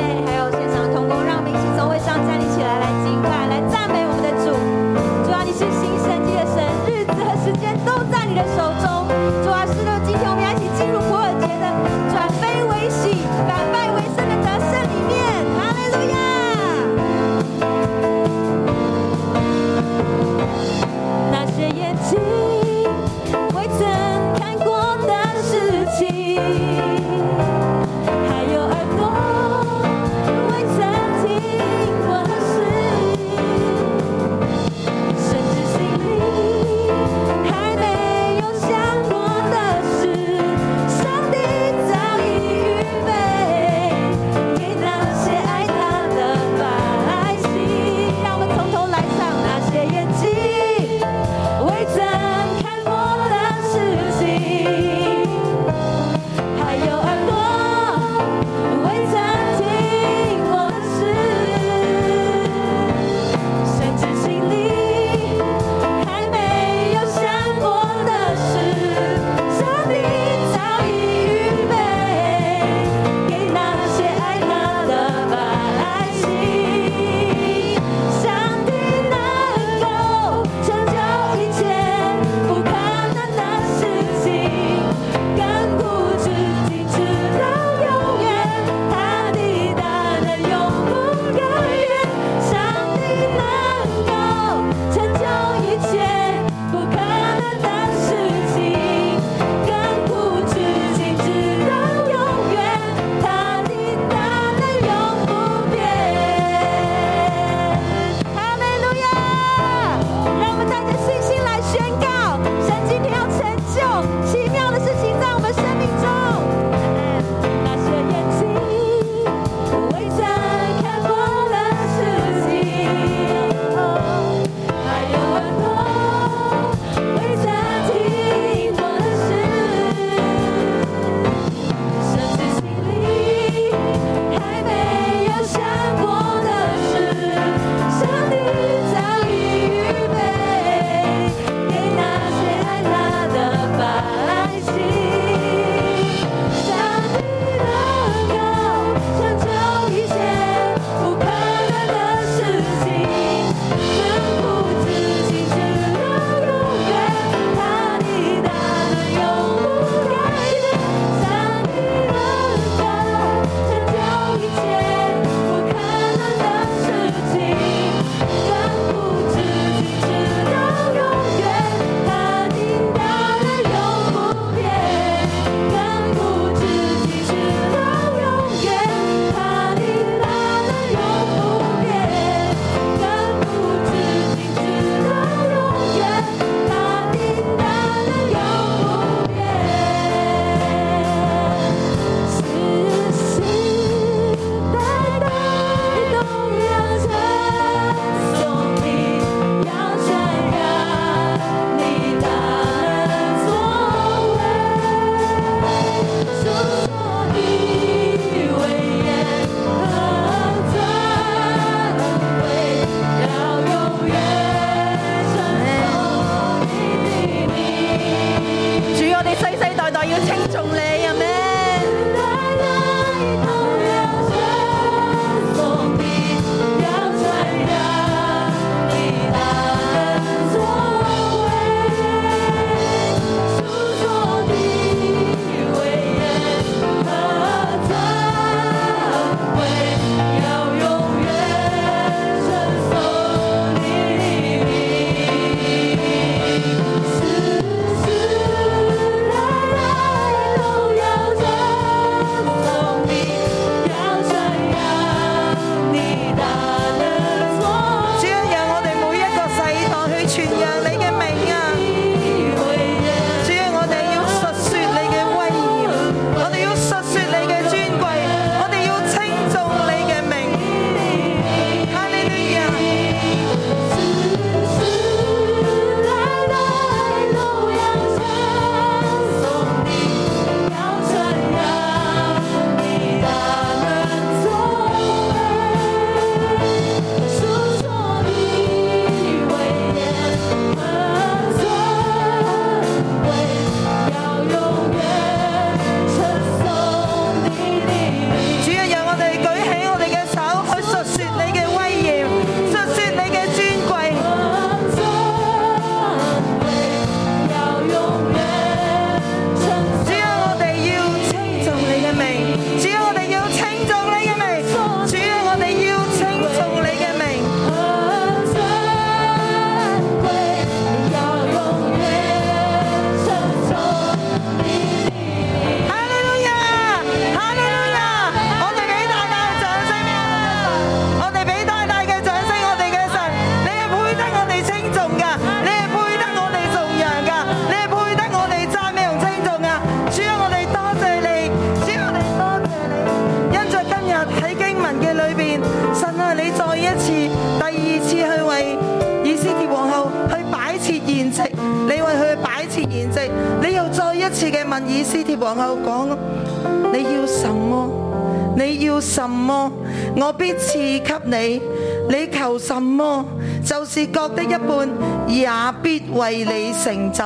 國的一半也必為你成就。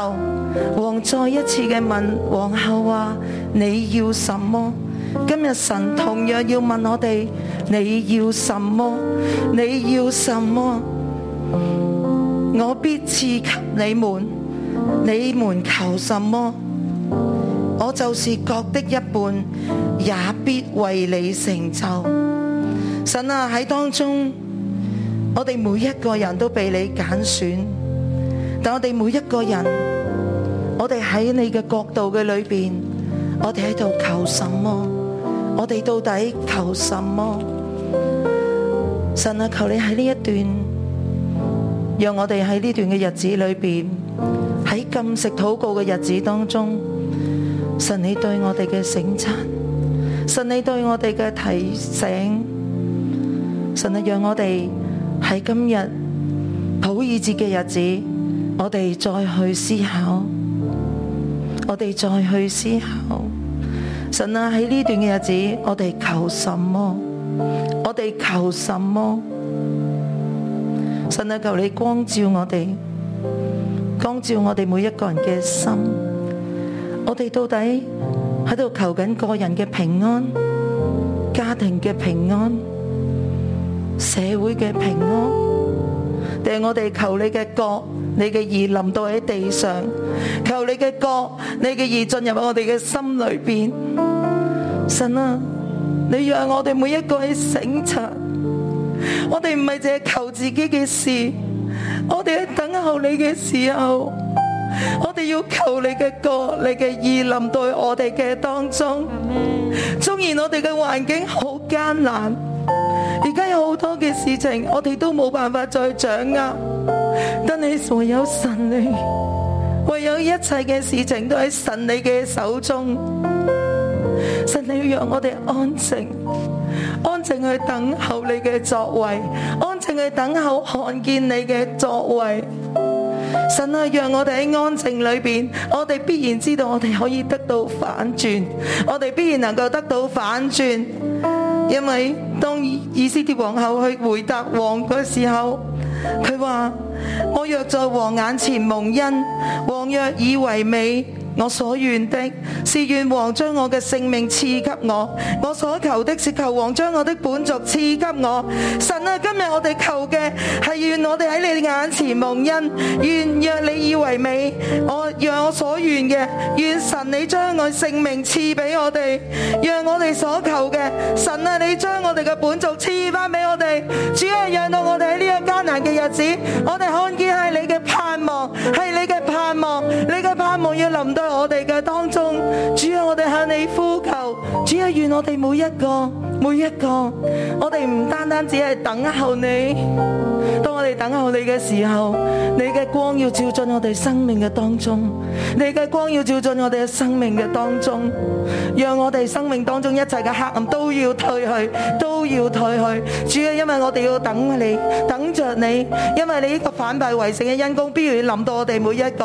王再一次嘅問皇后話：你要什麼？今日神同樣要問我哋：你要什麼？你要什麼？我必賜給你們。你們求什麼？我就是國的一半，也必為你成就。神啊，喺當中。我哋每一個人都被你揀選，但我哋每一個人，我哋喺你嘅角度嘅裏面，我哋喺度求什麼？我哋到底求什麼？神啊，求你喺呢一段，讓我哋喺呢段嘅日子裏面，喺禁食禱告嘅日子當中，神你對我哋嘅省察，神你對我哋嘅提醒，神啊，讓我哋。喺今日普爾節嘅日子，我哋再去思考，我哋再去思考。神啊，喺呢段嘅日子，我哋求什麼？我哋求什麼？神啊，求你光照我哋，光照我哋每一個人嘅心。我哋到底喺度求緊個人嘅平安，家庭嘅平安。社會嘅平安，定係我哋求你嘅國，你嘅意臨到喺地上。求你嘅國，你嘅意進入我哋嘅心裏邊。神啊，你讓我哋每一個去醒察。我哋唔係淨係求自己嘅事，我哋喺等候你嘅時候，我哋要求你嘅國，你嘅意臨到我哋嘅當中。縱然我哋嘅環境好艱難。而家有好多嘅事情，我哋都冇辦法再掌握。但係，所有神你，唯有一切嘅事情都喺神你嘅手中。神你要讓我哋安靜，安靜去等候你嘅作為，安靜去等候看見你嘅作為。神係讓我哋喺安靜裏邊，我哋必然知道我哋可以得到反轉，我哋必然能夠得到反轉。因為當以斯帖王后去回答王嘅時候，佢話：我若在王眼前蒙恩，王若以為美。我所願的是願王將我嘅性命賜給我，我所求的是求王將我的本族賜給我。神啊，今日我哋求嘅係願我哋喺你眼前蒙恩，願若你以為美，我讓我所願嘅，願神你將我性命賜俾我哋，讓我哋所求嘅。神啊，你將我哋嘅本族賜翻俾我哋，主要係讓到我哋喺呢個艱難嘅日子，我哋看見係你嘅盼望，係你嘅。盼望你嘅盼望要臨到我哋嘅當中，主啊，我哋向你呼求，主啊，願我哋每一個每一個，我哋唔單單只係等候你。當我哋等候你嘅時候，你嘅光要照進我哋生命嘅當中，你嘅光要照進我哋嘅生命嘅當中，讓我哋生命當中一切嘅黑暗都要退去，都要退去。主啊，因為我哋要等你，等着你，因為你呢個反敗為勝嘅恩光，必須要臨到我哋每一個。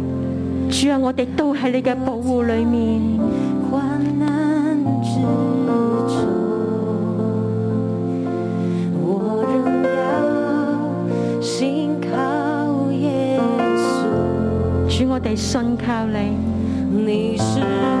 主啊，我哋都喺你嘅保護裏面。困難之中，我仍要信靠耶穌。主，我哋信靠你。你是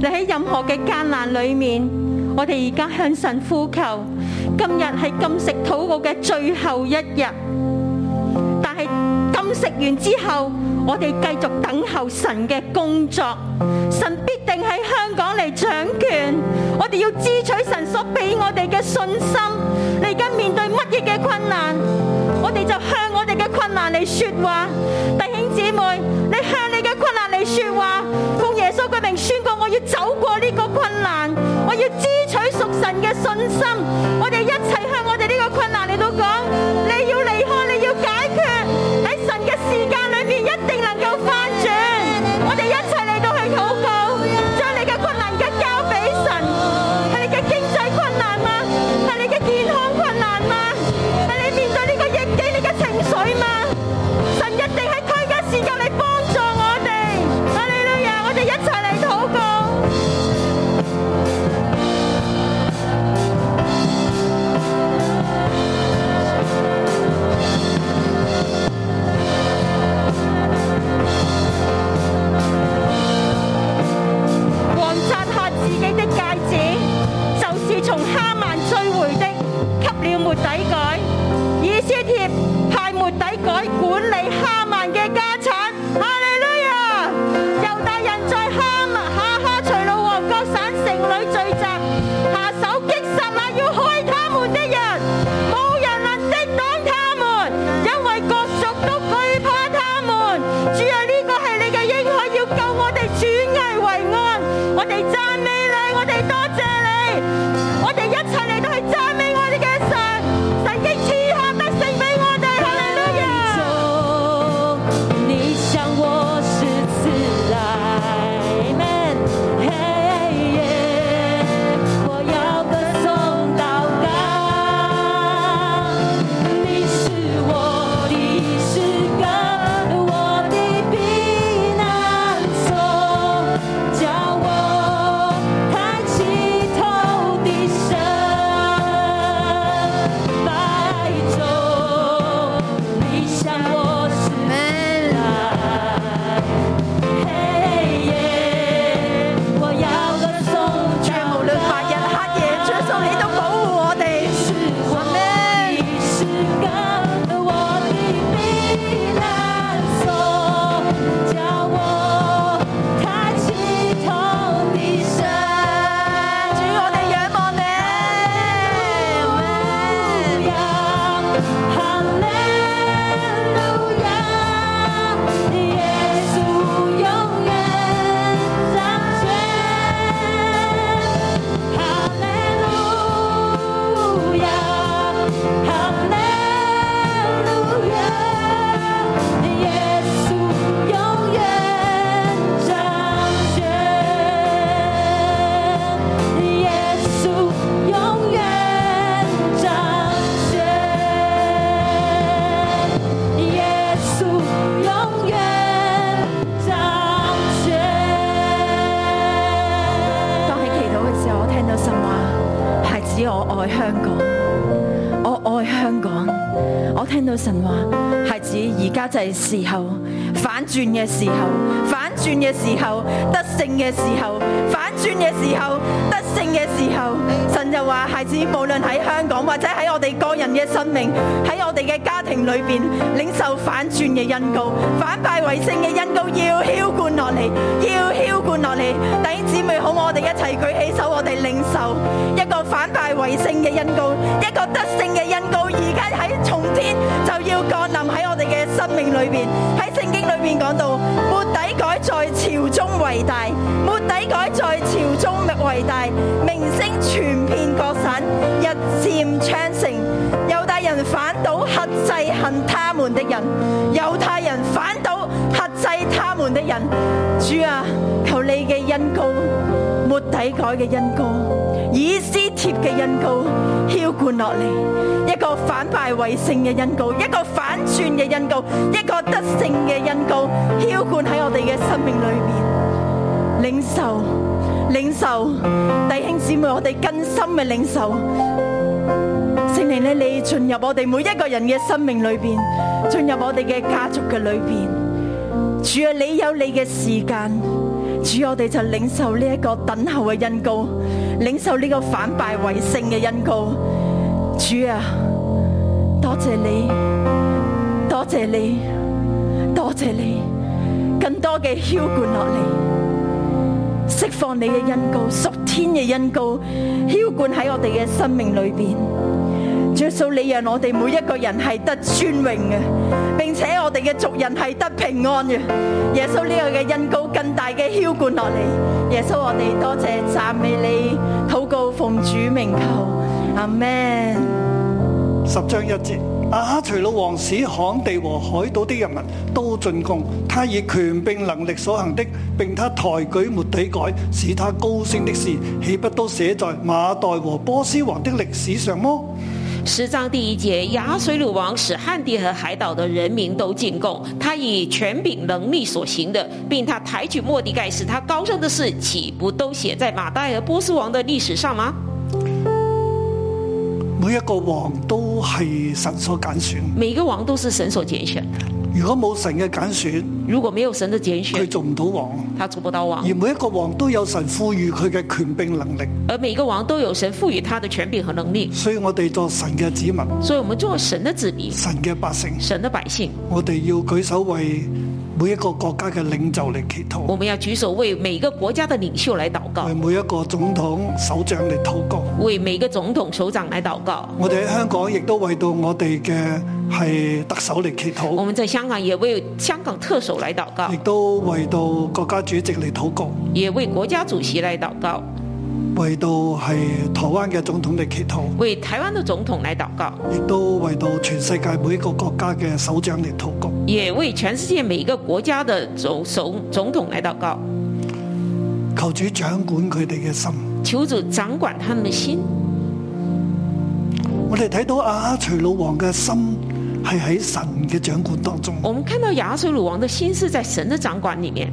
你喺任何嘅艱難裏面，我哋而家向神呼求，今日係禁食禱告嘅最後一日。但係禁食完之後，我哋繼續等候神嘅工作。神必定喺香港嚟掌權，我哋要支取神所俾我哋嘅信心。你而家面對乜嘢嘅困難，我哋就向我哋嘅困難嚟說話。弟兄姊妹，你向你嘅困難嚟說話。穿過我要走過呢個困難，我要支取屬神嘅信心，我哋一齊向我哋呢個困難嚟到講。時候反轉嘅時候，反轉嘅時候得勝嘅時候，反轉嘅時候得勝嘅時候，神就話：孩子，無論喺香港或者喺我哋個人嘅生命，喺我哋嘅家庭裏邊，領受反轉嘅恩膏。反敗為勝嘅恩膏，要澆灌落嚟，要澆灌落嚟。弟兄姊妹好，我哋一齊舉起手，我哋領受一個反敗為勝嘅恩膏。」偉大，末底改在朝中為大，名聲傳遍各省，日漸昌盛。猶大人反倒克制恨他們的人，猶大人反倒克制他們的人。主啊，求你嘅恩膏，末底改嘅恩膏，以斯帖嘅恩膏，澆灌落嚟，一個反敗為勝嘅恩膏，一個反轉嘅恩膏，一個得勝嘅恩膏，澆灌喺我哋嘅生命裏邊。領受，領受，弟兄姊妹，我哋更深嘅領受，聖靈咧，你進入我哋每一個人嘅生命裏邊，進入我哋嘅家族嘅裏邊。主啊，你有你嘅時間，主，我哋就領受呢一個等候嘅恩膏，領受呢個反敗為勝嘅恩膏。主啊，多謝你，多謝你，多謝你，更多嘅澆灌落嚟。釋放你嘅恩膏，屬天嘅恩膏，澆灌喺我哋嘅生命裏邊。耶穌，你讓我哋每一個人係得尊榮嘅，並且我哋嘅族人係得平安嘅。耶穌呢個嘅恩膏更大嘅澆灌落嚟。耶穌，我哋多謝讚美你，禱告奉主名求，阿門。十章一節。亞哈隨魯王使旱地和海島的人民都進貢，他以權柄能力所行的，並他抬舉末底改，使他高升的事，豈不都寫在馬代和波斯王的歷史上麼？十章第一節，阿述魯王使旱地和海島的人民都進貢，他以權柄能力所行的，並他抬舉末底改使他高升的事，豈不都寫在馬代和波斯王的歷史上嗎？每一個王都係神所揀選，每個王都是神所揀選的。如果冇神嘅揀選，如果沒有神的揀選，佢做唔到王，他做不到王。而每一個王都有神賦予佢嘅權柄能力，而每個王都有神賦予他的權柄和能力。所以我哋做神嘅子民，所以我們做神的子民，神嘅百姓，神的百姓。我哋要舉手為。每一個國家嘅領袖嚟祈禱，我們要舉手為每個國家的領袖嚟禱告，為每一個總統、首長嚟禱告，為每個總統、首長嚟禱告。我哋喺香港亦都為到我哋嘅係特首嚟祈禱，我們在香港也為香港特首嚟禱告，亦都為到國家主席嚟禱告，也為國家主席嚟禱告。為到係台灣嘅總統嚟祈禱，為台灣嘅總統嚟禱告，亦都為到全世界每一個國家嘅首長嚟禱告，也為全世界每一個國家的總總總統嚟禱告。求主掌管佢哋嘅心，求主掌管他們的心。我哋睇到亞哈隨魯王嘅心係喺神嘅掌管當中，我們看到亞哈隨魯王的心是在神的掌管裏面。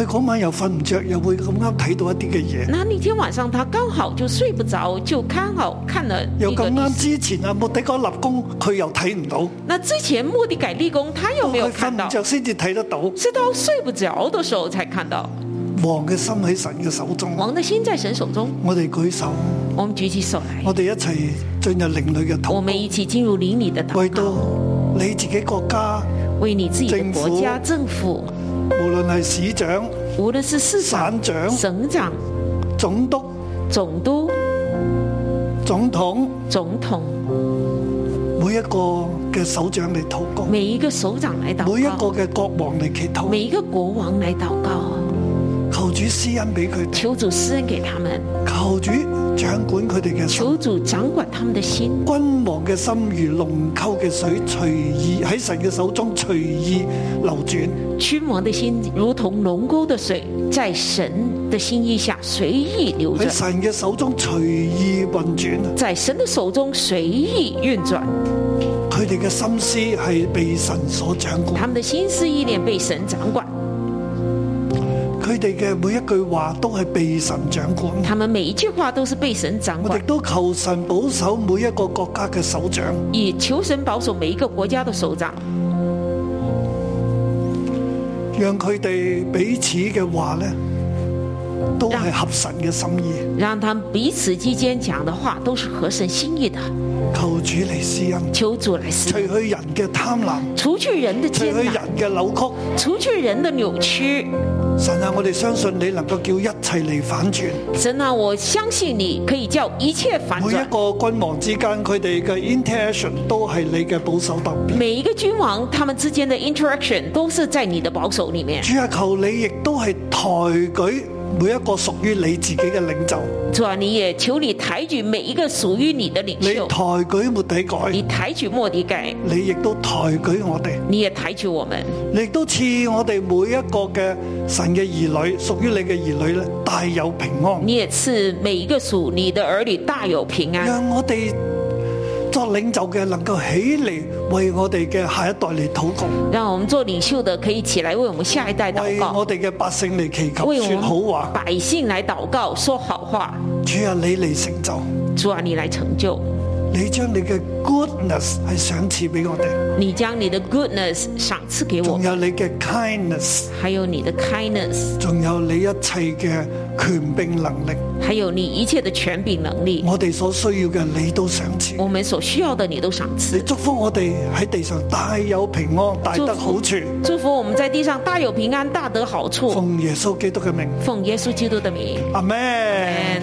佢嗰晚又瞓唔着，又會咁啱睇到一啲嘅嘢。嗱，呢天晚上，他剛好就睡不着，就看好看了。又咁啱之前啊，穆迪改立功，佢又睇唔到。那之前穆迪改立功，他又沒有看到？瞓、哦、唔着先至睇得到。直到睡不着的時候才看到。王嘅心喺神嘅手中，王的心在神手中。我哋舉手，我們舉起手來，我哋一齊進入靈裡嘅。我們一起進入靈裡的。回、啊、到你自己國家，為你自己的國家政府。政府無論係市，市長、省長、省長、總督、總督、總統、總統，每一個嘅首長嚟禱告，每一個首長嚟禱告，每一個嘅國王嚟祈禱，每一個國王嚟禱告，求主施恩俾佢，求主施恩給他們，求主。求主掌管佢哋嘅心，求主掌管他們的心。君王嘅心如龍溝嘅水，隨意喺神嘅手中隨意流轉。君王的心如同龍溝的水，在神的心意下隨意流轉。喺神嘅手中隨意運轉。在神的手中隨意運轉。佢哋嘅心思係被神所掌管。他們的心思意念被神掌管。佢哋嘅每一句話都係被神掌管，他們每一句話都是被神掌管。我哋都求神保守每一個國家嘅首長，而求神保守每一個國家嘅首長，讓佢哋彼此嘅話呢都係合神嘅心意，讓，讓他們彼此之間講的話都是合神心意的。求主嚟施恩，求主嚟施恩，除去人嘅貪婪，除去人嘅貪婪。嘅扭曲，除去人的扭曲。神啊，我哋相信你能夠叫一切嚟反轉。神啊，我相信你可以叫一切反轉。每一個君王之間，佢哋嘅 interaction 都係你嘅保守特別。每一個君王，他們之間的 interaction 都是在你的保守裏面。主啊，求你亦都係抬舉。每一個屬於你自己嘅領袖，就話，你也求你抬舉每一個屬於你的領袖。你抬舉莫底改，你抬舉莫底改，你亦都抬舉我哋。你也抬舉我們，你，也們你也都賜我哋每一個嘅神嘅兒女，屬於你嘅兒女咧，大有平安。你也賜每一個屬你的兒女大有平安。讓我哋。領袖嘅能夠起嚟為我哋嘅下一代嚟禱告，讓我們做領袖的可以起來為我們下一代禱告，為我哋嘅百姓嚟祈求為我來，說好話，百姓嚟禱告說好話，主啊你嚟成就，主啊你嚟成就，你將你嘅 goodness 係賞賜俾我哋。你將你的 goodness 賞賜給我，還有你的 kindness，還有你的 kindness，還有你一切的權柄能力，還有你一切的權柄能力，我哋所需要的你都賞賜，我們所需要的你都賞賜，你祝福我哋喺地上大有平安，大得好處，祝福我們在地上大有平安，大得好處，奉耶穌基督嘅名，奉耶穌基督的名，阿門。Amen